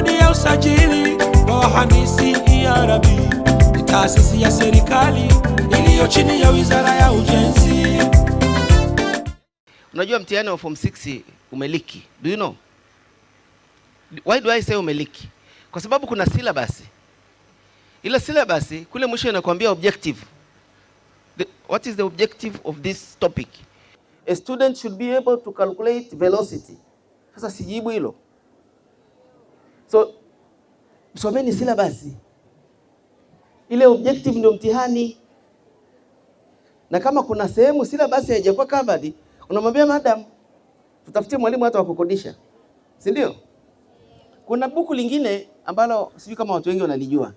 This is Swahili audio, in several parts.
bodi ya usajili wa wahandisi ERB ni taasisi ya serikali iliyo chini ya wizara ya ujenzi. Unajua mtihani wa form 6 umeliki. Do you know? Why do I say umeliki? Kwa sababu kuna syllabus. Ila syllabus kule mwisho inakwambia objective. The, what is the objective of this topic? A student should be able to calculate velocity. Sasa sijibu hilo. So msomeni silabasi, ile objective ndio mtihani. Na kama kuna sehemu silabasi haijakuwa covered, unamwambia madam, tutafutie mwalimu hata wakukodisha, si ndio? Kuna buku lingine ambalo sijui kama watu wengi wanalijua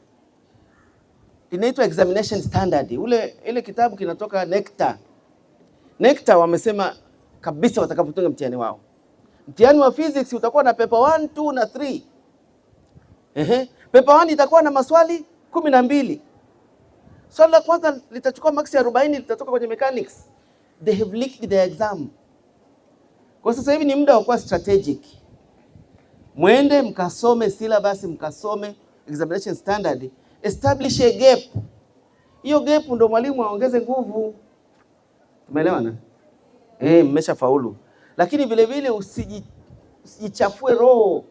inaitwa examination standard. Ule ile kitabu kinatoka NECTA. NECTA wamesema kabisa watakapotunga mtihani wao, mtihani wa physics utakuwa na paper 1, 2 na Ehe, Paper wani itakuwa na maswali kumi na mbili. Swali la kwanza litachukua maksi 40, litatoka kwenye mechanics. They have leaked the exam. Kwa sasa hivi ni muda wa kuwa strategic. Mwende mkasome syllabus, mkasome examination standard, establish a gap. Hiyo gap ndo mwalimu aongeze nguvu. Tumeelewana? Eh, mmesha faulu, lakini vilevile usijichafue roho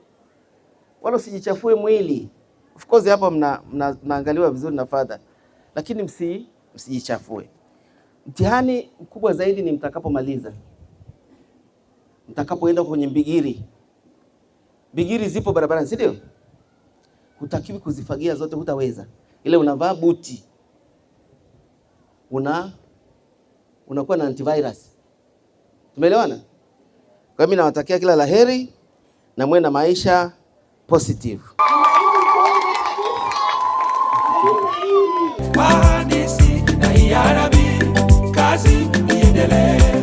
wala usijichafue mwili. Of course hapa mnaangaliwa mna, vizuri na fadha, lakini msi msijichafue. Mtihani mkubwa zaidi ni mtakapomaliza, mtakapoenda kwenye bigiri. Bigiri zipo barabarani, si ndio? Hutakiwi kuzifagia zote, hutaweza. Ile unavaa buti, una unakuwa na antivirus. Tumeelewana? Kwa mimi nawatakia kila laheri na mwe na maisha positive. na iarabi, kazi iendelee.